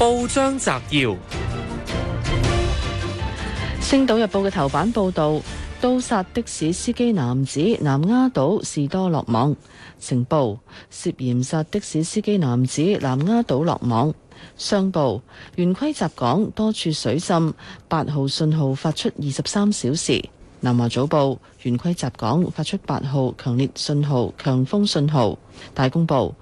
報章摘要：《星島日報》嘅頭版報道，刀殺的士司機男子南丫島士多落網。晴報涉嫌殺的士司機男子南丫島落網。商報：圓規襲港多處水浸，八號信號發出二十三小時。南華早報：圓規襲港發出八號強烈信號，強風信號。大公報。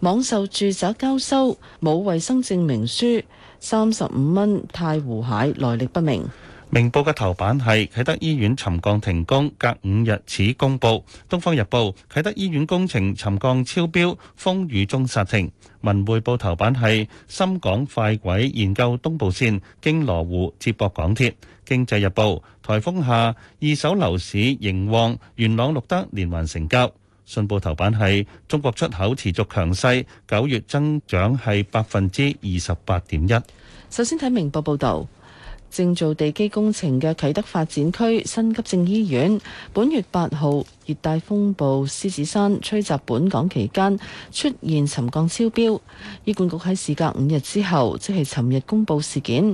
網售住宅交收冇衛生證明書，三十五蚊太湖蟹來歷不明。明報嘅頭版係啟德醫院沉降停工，隔五日始公布。東方日報啟德醫院工程沉降超標，風雨中煞停。文匯報頭版係深港快軌研究東部線經羅湖接駁港鐵。經濟日報台風下二手樓市仍旺，元朗錄得連環成交。信報頭版係中國出口持續強勢，九月增長係百分之二十八點一。首先睇明報報道，正做地基工程嘅啟德發展區新急症醫院，本月八號，熱帶風暴獅子山吹襲本港期間出現沉降超標，醫管局喺事隔五日之後，即係尋日公佈事件，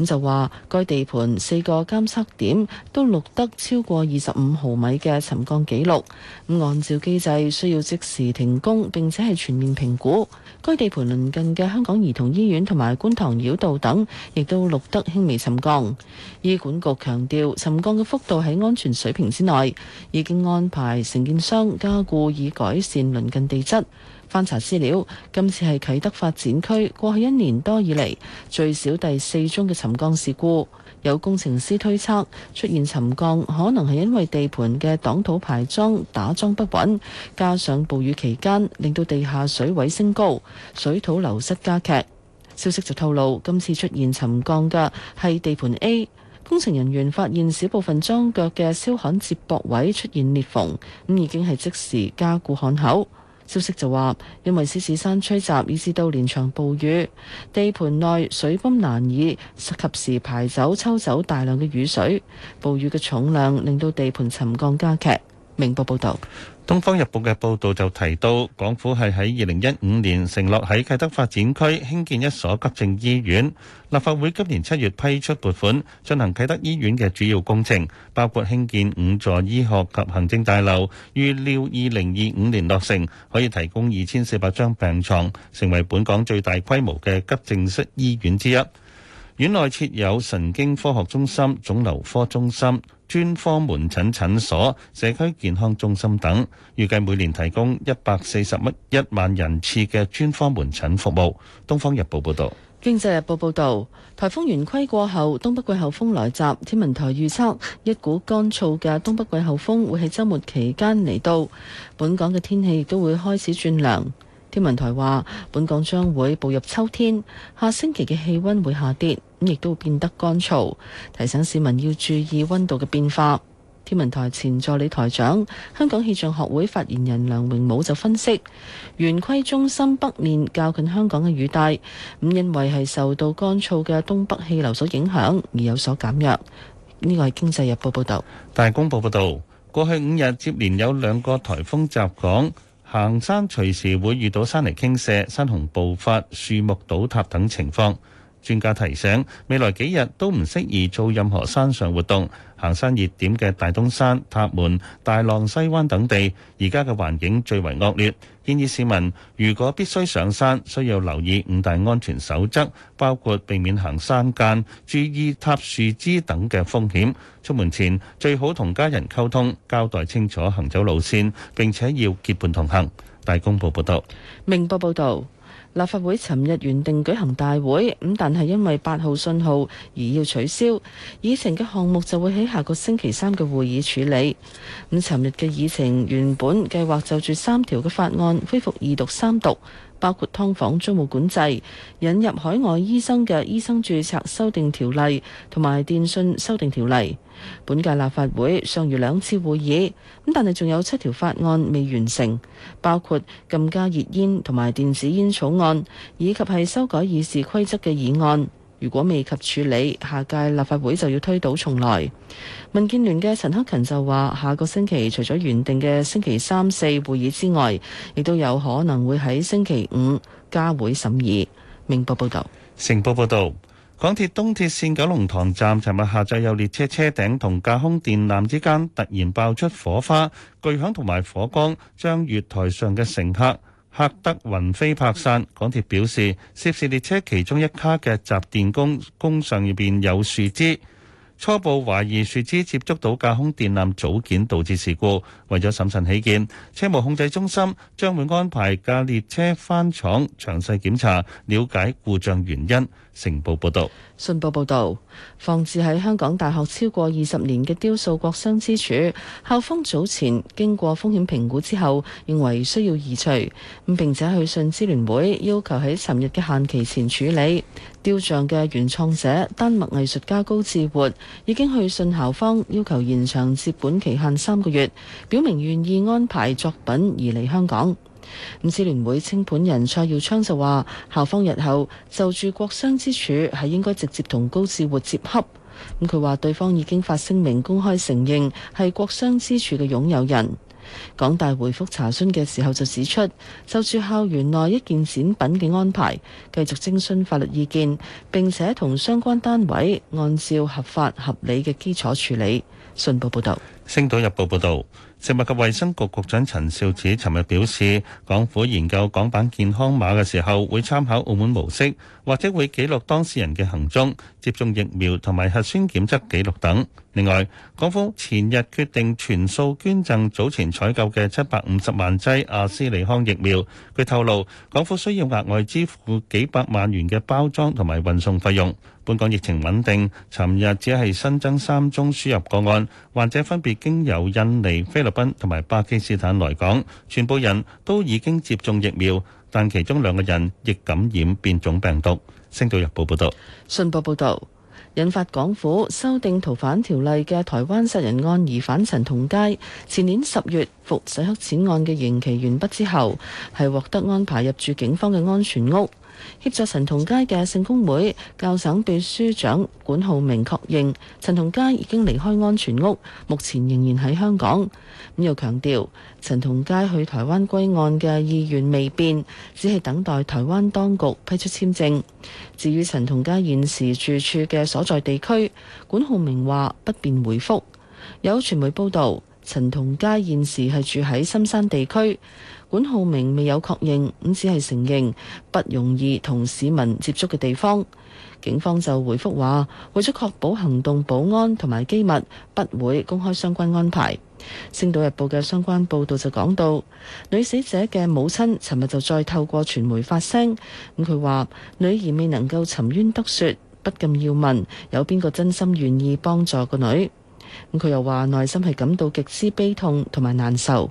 咁就話該地盤四個監測點都錄得超過二十五毫米嘅沉降記錄。咁按照機制需要即時停工並且係全面評估，該地盤鄰近嘅香港兒童醫院同埋觀塘繞道等，亦都錄得輕微沉降。醫管局強調沉降嘅幅度喺安全水平之內，已經安排承建商加固以改善鄰近地質。翻查資料，今次係啟德發展區過去一年多以嚟最少第四宗嘅沉降事故。有工程師推測，出現沉降可能係因為地盤嘅擋土排樁打樁不穩，加上暴雨期間令到地下水位升高，水土流失加劇。消息就透露，今次出現沉降嘅係地盤 A。工程人員發現少部分裝腳嘅燒焊接駁位出現裂縫，咁已經係即時加固焊口。消息就話，因為獅子山吹襲以至到連場暴雨，地盤內水泵難以及時排走抽走大量嘅雨水，暴雨嘅重量令到地盤沉降加劇。明報報道。《東方日報》嘅報導就提到，港府係喺二零一五年承諾喺啟德發展區興建一所急症醫院。立法會今年七月批出撥款，進行啟德醫院嘅主要工程，包括興建五座醫學及行政大樓。預料二零二五年落成，可以提供二千四百張病床，成為本港最大規模嘅急症室醫院之一。院內設有神經科學中心、腫瘤科中心、專科門診診所、社區健康中心等，預計每年提供一百四十蚊一萬人次嘅專科門診服務。《東方日報》報導。《經濟日報》報導，颱風圓規過後，東北季候風來襲，天文台預測一股乾燥嘅東北季候風會喺週末期間嚟到本港嘅天氣亦都會開始轉涼。天文台話，本港將會步入秋天，下星期嘅氣温會下跌。咁亦都會變得乾燥，提醒市民要注意温度嘅變化。天文台前助理台長、香港氣象學會發言人梁榮武就分析，圓規中心北面較近香港嘅雨帶，因為認為係受到乾燥嘅東北氣流所影響而有所減弱。呢個係經濟日報報導。大公報報導，過去五日接連有兩個颱風襲港，行山隨時會遇到山泥傾瀉、山洪暴發、樹木倒塌等情況。專家提醒，未來幾日都唔適宜做任何山上活動。行山熱點嘅大東山、塔門、大浪西灣等地，而家嘅環境最為惡劣。建議市民如果必須上山，需要留意五大安全守則，包括避免行山澗、注意塌樹枝等嘅風險。出門前最好同家人溝通，交代清楚行走路線，並且要結伴同行。大公報報導，明報報導。立法會尋日原定舉行大會，咁但係因為八號信號而要取消。議程嘅項目就會喺下個星期三嘅會議處理。咁尋日嘅議程原本計劃就住三條嘅法案恢復二讀三讀。包括㓥房租務管制、引入海外醫生嘅醫生註冊修訂條例同埋電訊修訂條例。本屆立法會尚餘兩次會議，咁但係仲有七條法案未完成，包括禁加熱煙同埋電子煙草案，以及係修改議事規則嘅議案。如果未及處理，下屆立法會就要推倒重來。民建聯嘅陳克勤就話：下個星期除咗原定嘅星期三四會議之外，亦都有可能會喺星期五加會審議。明報報道。成報報道，港鐵東鐵線九龍塘站尋日下晝有列車車頂同架空電纜之間突然爆出火花，巨響同埋火光，將月台上嘅乘客拍得魂飛魄散，港鐵表示涉事列車其中一卡嘅集電弓弓上入邊有樹枝，初步懷疑樹枝接觸到架空電纜組件導致事故。為咗審慎起見，車務控制中心將會安排架列車翻廠詳細檢查，了解故障原因。信報報道：放置喺香港大學超過二十年嘅雕塑國殤之柱，校方早前經過風險評估之後，認為需要移除，咁並且去信支聯會，要求喺尋日嘅限期前處理。雕像嘅原創者丹麥藝術家高志活已經去信校方，要求延長接管期限三個月，表明願意安排作品移嚟香港。支聯會清盤人蔡耀昌就話：校方日後就住國殤之柱係應該直接同高志活接洽。咁佢話對方已經發聲明公開承認係國殤之柱嘅擁有人。港大回覆查詢嘅時候就指出，就住校園內一件展品嘅安排，繼續徵詢法律意見，並且同相關單位按照合法合理嘅基礎處理。信報報道，《星島日報》報道。食物及衛生局局長陳肇始尋日表示，港府研究港版健康碼嘅時候，會參考澳門模式，或者會記錄當事人嘅行蹤、接種疫苗同埋核酸檢測記錄等。另外，港府前日決定全數捐贈早前採購嘅七百五十萬劑阿斯利康疫苗。佢透露，港府需要額外支付幾百萬元嘅包裝同埋運送費用。本港疫情穩定，尋日只係新增三宗輸入個案，患者分別經由印尼、菲律賓同埋巴基斯坦來港，全部人都已經接種疫苗，但其中兩個人亦感染變種病毒。星島日報報導，信報報導。引發港府修訂逃犯條例嘅台灣殺人案疑犯陳同佳，前年十月服洗黑錢案嘅刑期完畢之後，係獲得安排入住警方嘅安全屋。協助陳同佳嘅聖公會教省秘書長管浩明確認，陳同佳已經離開安全屋，目前仍然喺香港。咁又強調，陳同佳去台灣歸案嘅意願未變，只係等待台灣當局批出簽證。至於陳同佳現時住處嘅所在地區，管浩明話不便回覆。有傳媒報道，陳同佳現時係住喺深山地區。管浩明未有確認，咁只係承認不容易同市民接觸嘅地方。警方就回覆話，為咗確保行動保安同埋機密，不會公開相關安排。星島日報嘅相關報導就講到，女死者嘅母親尋日就再透過傳媒發聲，咁佢話：女兒未能夠沉冤得雪，不禁要問有邊個真心願意幫助個女？咁佢又話，內心係感到極之悲痛同埋難受。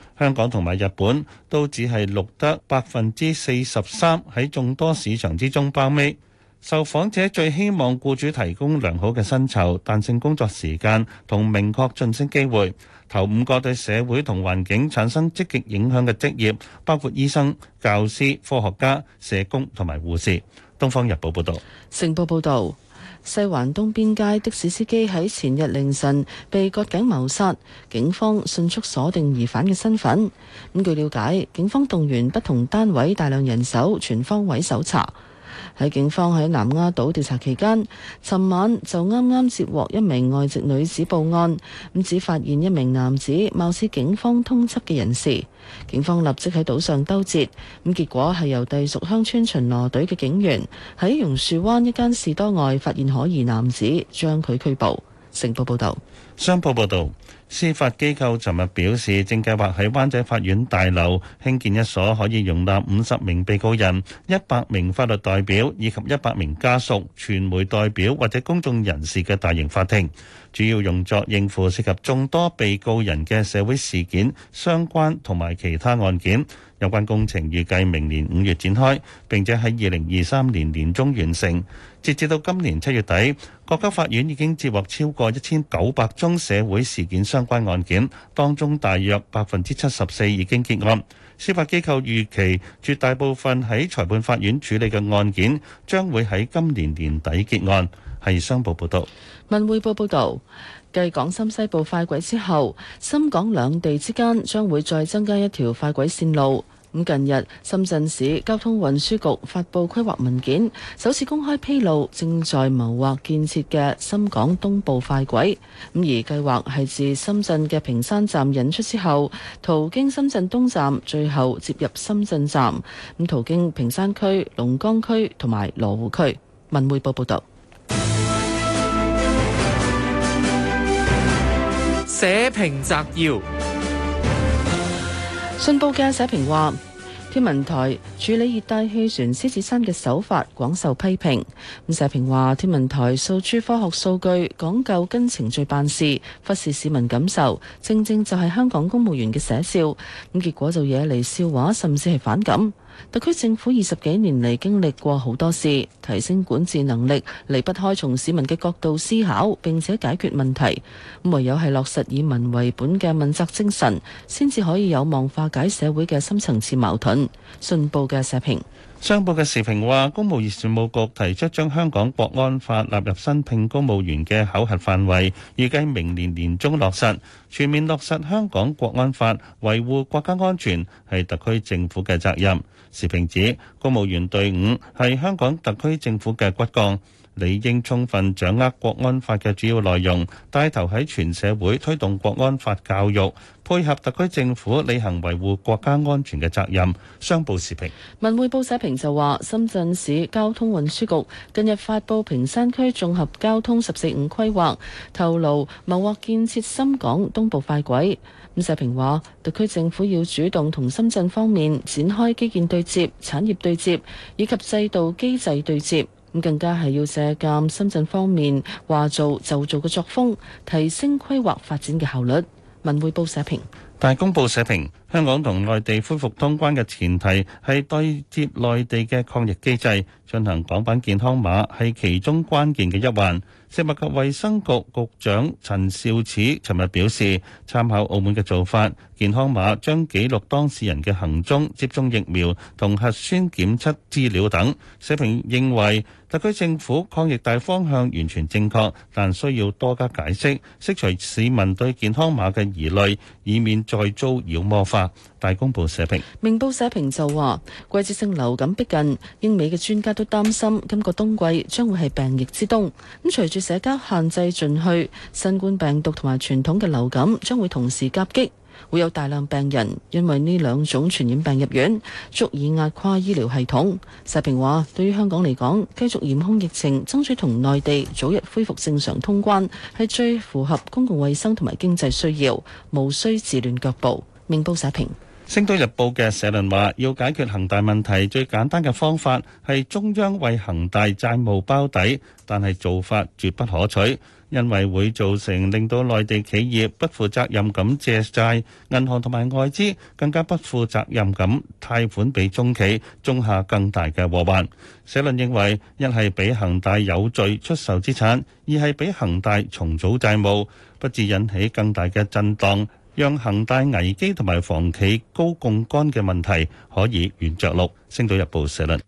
香港同埋日本都只係錄得百分之四十三，喺眾多市場之中包尾，尾。受訪者最希望僱主提供良好嘅薪酬、彈性工作時間同明確晉升機會。頭五個對社會同環境產生積極影響嘅職業包括醫生、教師、科學家、社工同埋護士。《東方日報》報道，《城報》報導。西環東邊街的士司機喺前日凌晨被割頸謀殺，警方迅速鎖定疑犯嘅身份。咁據了解，警方動員不同單位大量人手，全方位搜查。喺警方喺南丫島調查期間，尋晚就啱啱接獲一名外籍女子報案，咁只發現一名男子貌似警方通緝嘅人士，警方立即喺島上兜截，咁結果係由隸屬鄉村巡邏隊嘅警員喺榕樹灣一間士多外發現可疑男子，將佢拘捕。成報報導，商報報道。司法機構尋日表示，正計劃喺灣仔法院大樓興建一所可以容納五十名被告人、一百名法律代表以及一百名家屬、傳媒代表或者公眾人士嘅大型法庭，主要用作應付涉及眾多被告人嘅社會事件、相關同埋其他案件。有關工程預計明年五月展開，並且喺二零二三年年中完成。截至到今年七月底，國家法院已經接獲超過一千九百宗社會事件相關案件，當中大約百分之七十四已經結案。司法機構預期絕大部分喺裁判法院處理嘅案件，將會喺今年年底結案。係商報報道，文匯報報道。繼港深西部快軌之後，深港兩地之間將會再增加一條快軌線路。咁近日，深圳市交通運輸局發布規劃文件，首次公開披露正在謀劃建設嘅深港東部快軌。咁而計劃係自深圳嘅坪山站引出之後，途經深圳東站，最後接入深圳站。咁途經坪山區、龍崗區同埋羅湖區。文匯報報道。社評摘要，信報嘅社評話，天文台處理熱帶氣旋獅子山嘅手法廣受批評。咁社評話，天文台訴諸科學數據，講究跟程序辦事，忽視市民感受，正正就係香港公務員嘅寫照。咁結果就惹嚟笑話，甚至係反感。特區政府二十幾年嚟經歷過好多事，提升管治能力離不開從市民嘅角度思考並且解決問題。咁唯有係落實以民為本嘅問責精神，先至可以有望化解社會嘅深層次矛盾。信報嘅社評。商報嘅時評話，公務員事務局提出將香港《國安法》納入新聘公務員嘅考核範圍，預計明年年中落實。全面落實香港《國安法》，維護國家安全係特區政府嘅責任。時評指公務員隊伍係香港特區政府嘅骨幹。理應充分掌握國安法嘅主要內容，帶頭喺全社會推動國安法教育，配合特區政府履行維護國家安全嘅責任。商報時評。文匯報社評就話，深圳市交通運輸局近日發布坪山區綜合交通十四五規劃，透露謀劃建設深港東部快軌。咁社評話，特區政府要主動同深圳方面展開基建對接、產業對接以及制度機制對接。咁更加係要借鑒深圳方面話做就做嘅作風，提升規劃發展嘅效率。文匯報社評，大公報社評。香港同內地恢復通關嘅前提係對接內地嘅抗疫機制，進行港版健康碼係其中關鍵嘅一環。食物及衛生局局長陳肇始尋日表示，參考澳門嘅做法，健康碼將記錄當事人嘅行蹤、接種疫苗同核酸檢測資料等。社評認為，特區政府抗疫大方向完全正確，但需要多加解釋，釋除市民對健康碼嘅疑慮，以免再遭妖魔化。大公報社評，明報社評就話：季節性流感逼近，英美嘅專家都擔心今個冬季將會係病疫之冬。咁隨住社交限制進去，新冠病毒同埋傳統嘅流感將會同時夾擊，會有大量病人因為呢兩種傳染病入院，足以壓垮醫療系統。社評話：對於香港嚟講，繼續嚴控疫情，爭取同內地早日恢復正常通關，係最符合公共衛生同埋經濟需要，無需自亂腳步。明報社評，《星島日報》嘅社論話：要解決恒大問題，最簡單嘅方法係中央為恒大債務包底，但係做法絕不可取，因為會造成令到內地企業不負責任咁借債，銀行同埋外資更加不負責任咁貸款俾中企，種下更大嘅禍患。社論認為，一係俾恒大有罪出售資產，二係俾恒大重組債務，不致引起更大嘅震盪，讓恒大危機同埋房企高槓桿嘅問題可以軟着陸。星島日報社論。